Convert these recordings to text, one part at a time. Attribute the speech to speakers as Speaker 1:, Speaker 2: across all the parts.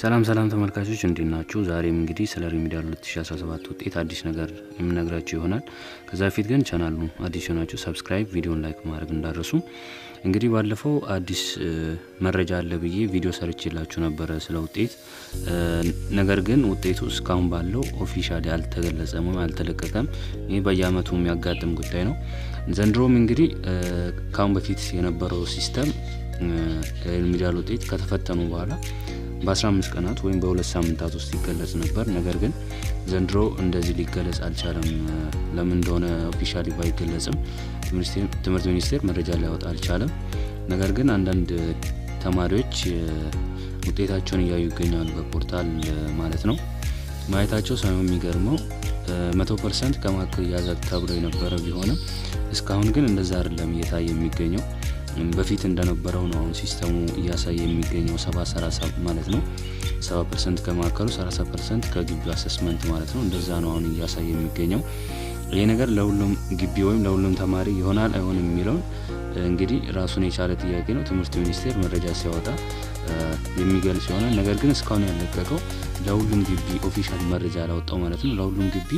Speaker 1: ሰላም ሰላም ተመልካቾች እንዴት ናችሁ? ዛሬም እንግዲህ ስለ ሪሚዲያል 2017 ውጤት አዲስ ነገር የምነግራችሁ ይሆናል። ከዛ በፊት ግን ቻናሉ አዲስ ሆናችሁ ሰብስክራይብ፣ ቪዲዮን ላይክ ማድረግ እንዳደረሱ እንግዲህ ባለፈው አዲስ መረጃ አለ ብዬ ቪዲዮ ሰርቼላችሁ ነበረ ስለ ውጤት። ነገር ግን ውጤቱ እስካሁን ባለው ኦፊሻል ያልተገለጸም ወይም አልተለቀቀም። ይህ በየአመቱ የሚያጋጥም ጉዳይ ነው። ዘንድሮም እንግዲህ ካሁን በፊት የነበረው ሲስተም ሪሚዲያል ውጤት ከተፈተኑ በኋላ በ15 ቀናት ወይም በሁለት ሳምንታት ውስጥ ይገለጽ ነበር። ነገር ግን ዘንድሮ እንደዚህ ሊገለጽ አልቻለም። ለምን እንደሆነ ኦፊሻሊ ባይገለጽም ትምህርት ሚኒስቴር መረጃ ሊያወጣ አልቻለም። ነገር ግን አንዳንድ ተማሪዎች ውጤታቸውን እያዩ ይገኛሉ በፖርታል ማለት ነው። ማየታቸው ሳይሆን የሚገርመው መቶ ፐርሰንት ከማዕከል ያዘ ተብሎ የነበረ ቢሆንም እስካሁን ግን እንደዛ አይደለም እየታየ የሚገኘው በፊት እንደነበረው ነው አሁን ሲስተሙ እያሳየ የሚገኘው ሰባ ማለት ነው 7 ፐርሰንት ከማዕከሉ ሰላሳ ፐርሰንት አሰስመንት ማለት ነው እንደዛ ነው አሁን እያሳየ የሚገኘው ይህ ነገር ለሁሉም ግቢ ወይም ለሁሉም ተማሪ ይሆናል አይሆንም የሚለውን እንግዲህ ራሱን የቻለ ጥያቄ ነው ትምህርት ሚኒስቴር መረጃ ሲያወጣ የሚገልጽ ይሆናል ነገር ግን እስካሁን ያለቀቀው ለሁሉም ግቢ ኦፊሻል መረጃ ላወጣው ማለት ነው ለሁሉም ግቢ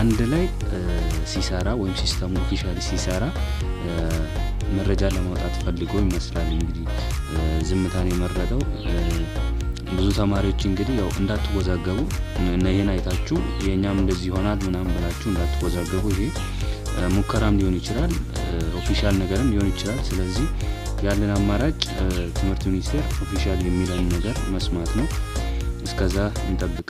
Speaker 1: አንድ ላይ ሲሰራ ወይም ሲስተሙ ኦፊሻል ሲሰራ መረጃ ለማውጣት ፈልጎ ይመስላል እንግዲህ ዝምታን የመረጠው። ብዙ ተማሪዎች እንግዲህ ያው እንዳትወዛገቡ እና ይሄን አይታችሁ የእኛም እንደዚህ ይሆናል ምናምን ብላችሁ እንዳትወዛገቡ። ይሄ ሙከራም ሊሆን ይችላል፣ ኦፊሻል ነገርም ሊሆን ይችላል። ስለዚህ ያለን አማራጭ ትምህርት ሚኒስቴር ኦፊሻል የሚለን ነገር መስማት ነው። እስከዛ እንጠብቅ።